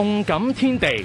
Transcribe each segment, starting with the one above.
動感天地。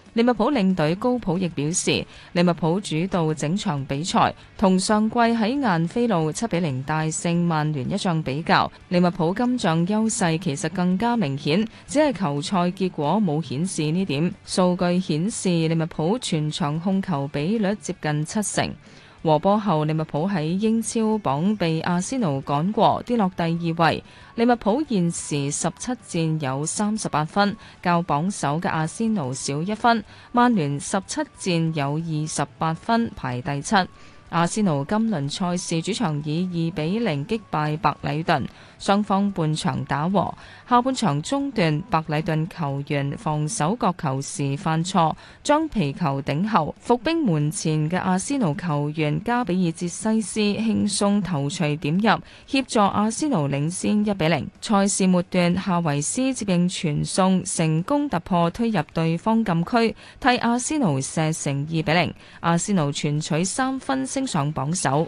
利物浦領隊高普亦表示：利物浦主導整場比賽，同上季喺晏菲路七比零大勝曼聯一仗比較，利物浦今仗優勢其實更加明顯，只係球賽結果冇顯示呢點。數據顯示利物浦全場控球比率接近七成。和波後，利物浦喺英超榜被阿仙奴趕過，跌落第二位。利物浦現時十七戰有三十八分，較榜首嘅阿仙奴少一分。曼聯十七戰有二十八分，排第七。阿仙奴今輪賽事主場以二比零擊敗白禮頓，雙方半場打和，下半場中段白禮頓球員防守角球時犯錯，將皮球頂後，伏兵門前嘅阿仙奴球員加比爾捷西斯輕鬆頭槌點入，協助阿仙奴領先一比零。賽事末段夏維斯接應傳送成功突破，推入對方禁區，替阿仙奴射成二比零。阿仙奴全取三分。上榜首。